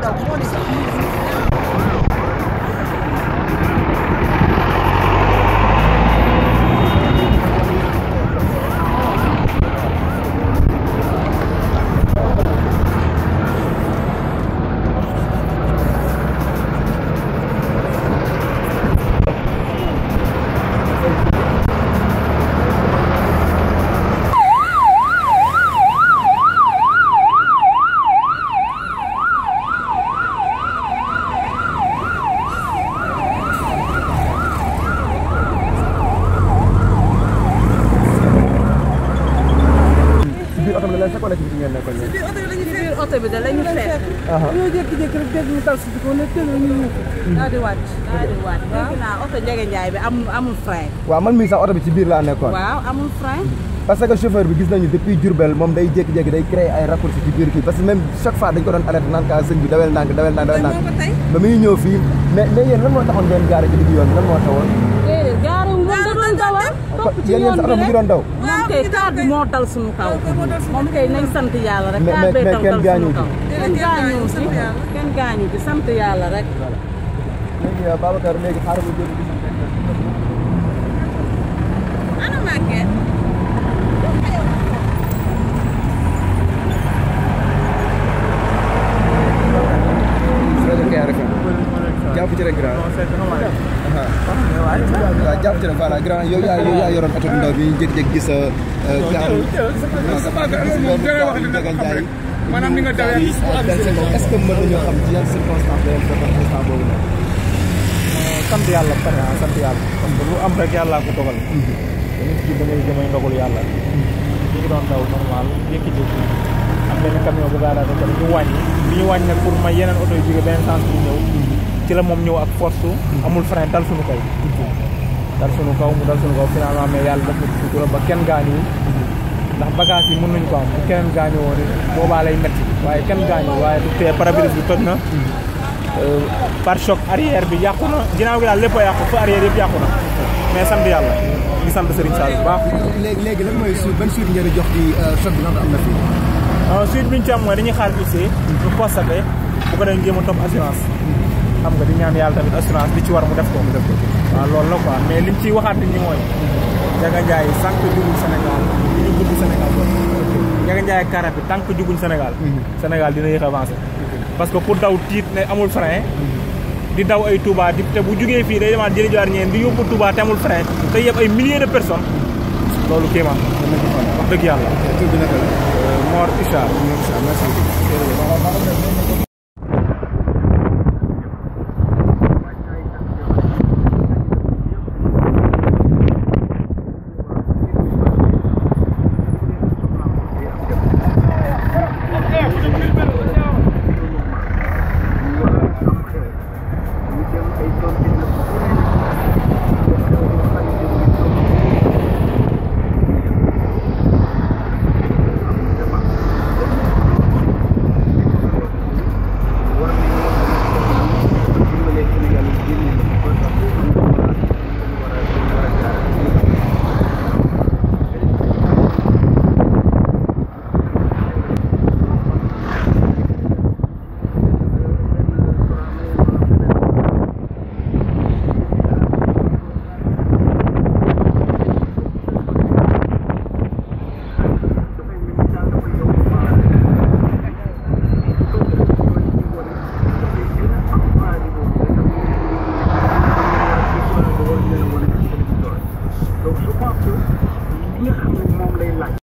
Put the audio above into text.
Tá bom, leen fekk wala ngeen nekkoon ñoom. ci biir bi da la ñu fekk. bi ko ne teel a naa oto Ndiaga Ndiaye bi amul amul waaw man ni sax oto bi ci biir laa nekkoon. waaw amul frein. parce que chauffeur bi gis nañu depuis Diourbel moom day jékki-jékki day créer ay raccourcis ci biir kii parce que même chaque fois dañ ko doon arrêté naan ka sëñ bi dawel ndànk dawel ndànk dawel ndànk ba muy ñëw fii mais mais yéen lan moo taxoon ngeen gaare ci digg yoon lan moo taxoon. déedéet gaare wu ñu doon dawal topp ci yoon bi rek yéen mu ngi doon daw. kay taar bi moo dal suñu kaw moom kay nañ sant yàlla rek taar bee dal dal suñu kaw kenn gaañu ci kenn gaañu ci sant yàlla rek léegi Babacar jàpp ci rek grand. waaw jàpp ah, ci rek voilà grand yow bu ndaw bi euh, yàlla lu am rek yàlla ko dogal. dañu ci damay damay ndogalu yàlla. Mm-hmm. ñu ñu wàññi. nag pour ma yeneen oto yu jóge benn sens bi ñëw. ci la moom ñëw ak force amul frein dal suñu kaw dal suñu kaw mu dal suñu kaw finalement mais yàlla def na ci sutura ba kenn gaañuwul ndax bagage yi mën ko am bu keneen gaañoo woon boobaa waaye kenn gaañoo waaye du tee pare bi toj na euh, par choc bi yàqu na ginnaaw a yàqu fa arrière yëpp na mais sant yàlla di sant Serigne Sall bu baax. léegi léegi mooy suite ban suite ngeen jox ci euh, choc bi na fii. Euh, suite bi ñu xaar huissier. ñu constaté bu ko defee jéem a topp assurance. xam nga di ñaan yàlla tamit assurance bi ci war mu def ko mu def ko waaw loolu la quoi mais li mu ciy waxaat nit ñi mooy Ndiaga Ndiaye sànq Sénégal li ñu bëgg Sénégal loolu Ndiaga Ndiaye carré bi tant que juguñ Sénégal mhm. Sénégal dina yéex avancé parce que pour daw tiit ne amul frein mhm. di daw ay Touba di te bu jugee fii day demaat jëriñ waar ñeen di yóbbu Touba te amul frein te yëpp ay milliers de personnes loolu kéemaan wax dëgg yàlla euh, Mor Issa donc je pense que li nga xam ne moom lay laaj